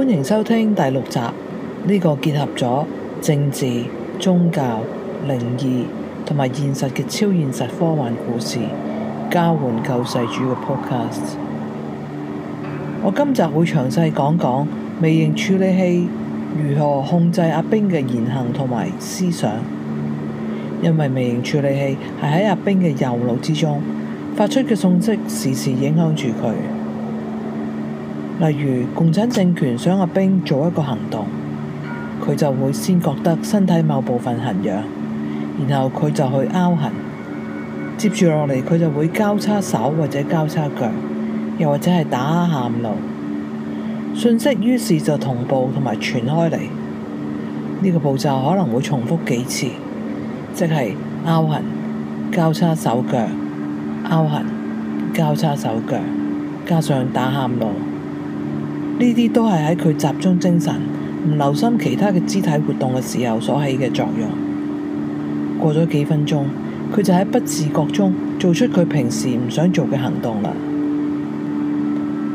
歡迎收聽第六集呢個結合咗政治、宗教、靈異同埋現實嘅超現實科幻故事交換救世主嘅 podcast。我今集會詳細講講微型處理器如何控制阿冰嘅言行同埋思想，因為微型處理器係喺阿冰嘅右腦之中，發出嘅信息時時影響住佢。例如共產政權想阿兵做一個行動，佢就會先覺得身體某部分痕癢，然後佢就去拗痕，接住落嚟佢就會交叉手或者交叉腳，又或者係打喊路訊息，於是就同步同埋傳開嚟。呢個步驟可能會重複幾次，即係拗痕、交叉手腳、拗痕、交叉手腳，加上打喊路。呢啲都係喺佢集中精神，唔留心其他嘅肢體活動嘅時候所起嘅作用。過咗幾分鐘，佢就喺不自覺中做出佢平時唔想做嘅行動啦。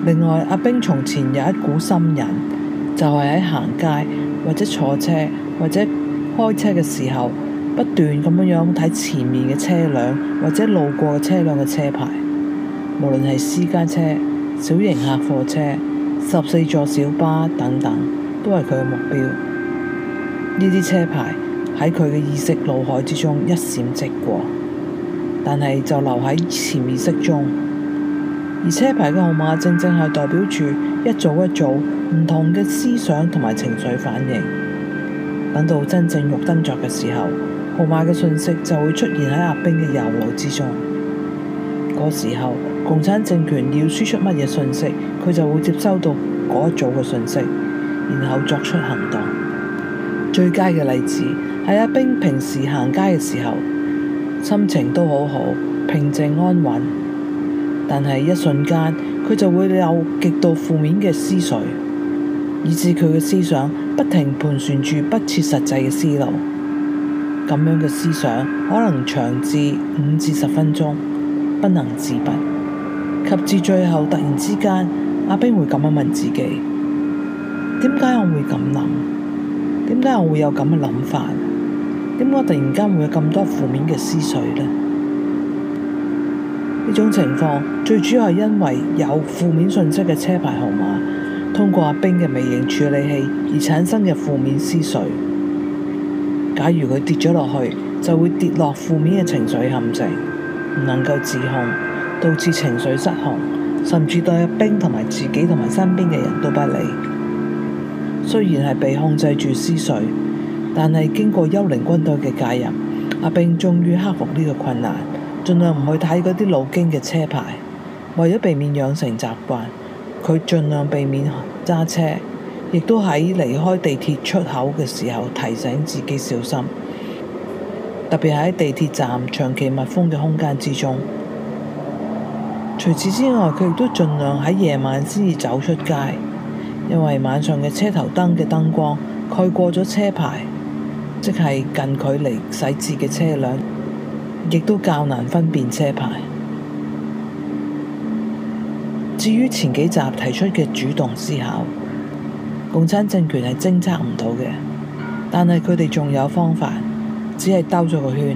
另外，阿冰從前有一股心癮，就係喺行街或者坐車或者開車嘅時候，不斷咁樣樣睇前面嘅車輛或者路過嘅車輛嘅車牌，無論係私家車、小型客貨車。十四座小巴等等，都係佢嘅目標。呢啲車牌喺佢嘅意識腦海之中一閃即過，但係就留喺潛意識中。而車牌嘅號碼正正係代表住一組一組唔同嘅思想同埋情緒反應。等到真正用得著嘅時候，號碼嘅信息就會出現喺阿冰嘅右腦之中。嗰時候。共產政權要輸出乜嘢信息，佢就會接收到嗰一組嘅信息，然後作出行動。最佳嘅例子係阿冰平時行街嘅時候，心情都好好，平靜安穩。但係一瞬間，佢就會有極度負面嘅思緒，以致佢嘅思想不停盤旋住不切實際嘅思路。咁樣嘅思想可能長至五至十分鐘，不能自拔。及至最後，突然之間，阿冰會咁樣問自己：點解我會咁諗？點解我會有咁嘅諗法？點解突然間會有咁多負面嘅思緒呢？呢種情況最主要係因為有負面信息嘅車牌號碼，通過阿冰嘅微型處理器而產生嘅負面思緒。假如佢跌咗落去，就會跌落負面嘅情緒陷阱，唔能夠自控。導致情緒失控，甚至對阿兵同埋自己同埋身邊嘅人都不利。雖然係被控制住思緒，但係經過幽靈軍隊嘅介入，阿兵終於克服呢個困難，盡量唔去睇嗰啲路經嘅車牌。為咗避免養成習慣，佢盡量避免揸車，亦都喺離開地鐵出口嘅時候提醒自己小心。特別喺地鐵站長期密封嘅空間之中。除此之外，佢亦都盡量喺夜晚先至走出街，因為晚上嘅車頭燈嘅燈光蓋過咗車牌，即係近距離細緻嘅車輛，亦都較難分辨車牌。至於前幾集提出嘅主動思考，共產政權係偵測唔到嘅，但係佢哋仲有方法，只係兜咗個圈，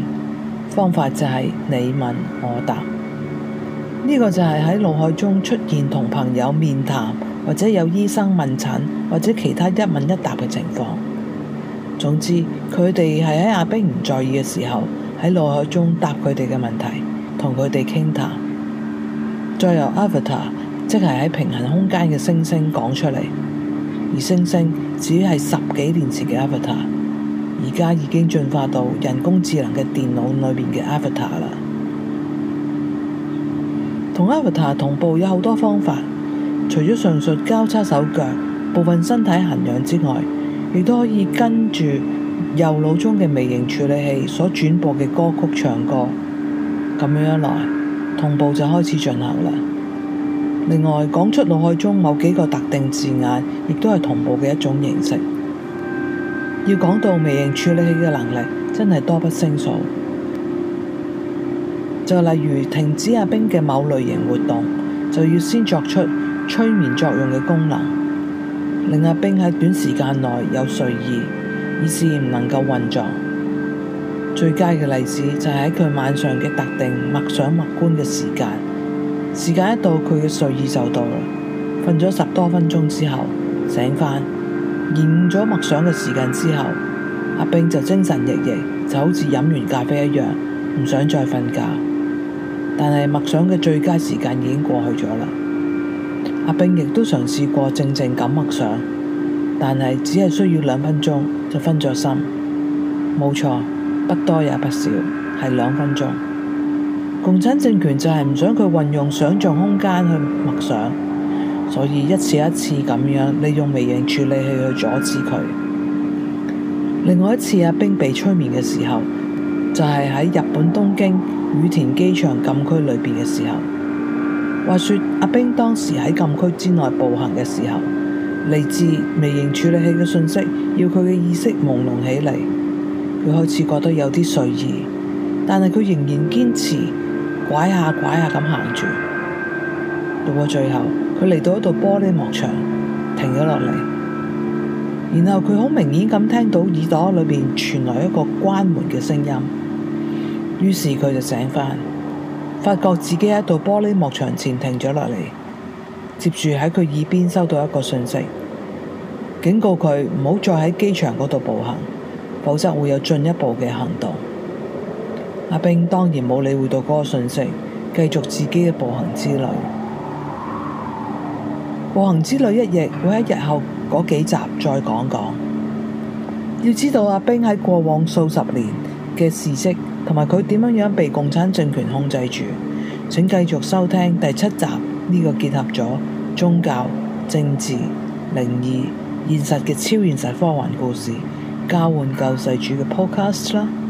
方法就係你問我答。呢個就係喺腦海中出現同朋友面談，或者有醫生問診，或者其他一問一答嘅情況。總之，佢哋係喺阿冰唔在意嘅時候，喺腦海中答佢哋嘅問題，同佢哋傾談。再由 Avatar，即係喺平行空間嘅星星講出嚟，而星星只係十幾年前嘅 Avatar，而家已經進化到人工智能嘅電腦裏面嘅 Avatar 啦。同 Avatar 同步有好多方法，除咗上述交叉手腳、部分身體痕癢之外，亦都可以跟住右腦中嘅微型處理器所轉播嘅歌曲唱歌。咁樣一來同步就開始進行啦。另外，講出腦海中某幾個特定字眼，亦都係同步嘅一種形式。要講到微型處理器嘅能力，真係多不勝數。就例如停止阿冰嘅某類型活動，就要先作出催眠作用嘅功能，令阿冰喺短時間內有睡意，以至唔能夠運作。最佳嘅例子就係喺佢晚上嘅特定默想默觀嘅時間，時間一到佢嘅睡意就到，瞓咗十多分鐘之後醒返，完咗默想嘅時間之後，阿冰就精神奕奕，就好似飲完咖啡一樣，唔想再瞓覺。但係默想嘅最佳時間已經過去咗啦。阿兵亦都嘗試過靜靜咁默想，但係只係需要兩分鐘就分咗心。冇錯，不多也不少，係兩分鐘。共產政權就係唔想佢運用想像空間去默想，所以一次一次咁樣利用微型處理器去阻止佢。另外一次阿兵被催眠嘅時候，就係喺日本東京羽田機場禁區裏面嘅時候，話說阿冰當時喺禁區之內步行嘅時候，嚟自微型處理器嘅訊息要佢嘅意識朦朧起嚟，佢開始覺得有啲睡意，但係佢仍然堅持拐下拐下咁行住。到過最後，佢嚟到一道玻璃幕牆，停咗落嚟，然後佢好明顯咁聽到耳朵裏面傳來一個關門嘅聲音。於是佢就醒返，發覺自己喺度玻璃幕牆前停咗落嚟，接住喺佢耳邊收到一個訊息，警告佢唔好再喺機場嗰度步行，否則會有進一步嘅行動。阿冰當然冇理會到嗰個訊息，繼續自己嘅步行之旅。步行之旅一役會喺日後嗰幾集再講講。要知道阿冰喺過往數十年嘅事蹟，同埋佢點樣被共產政權控制住？請繼續收聽第七集，呢個結合咗宗教、政治、靈異、現實嘅超現實科幻故事，交換救世主嘅 Podcast 啦！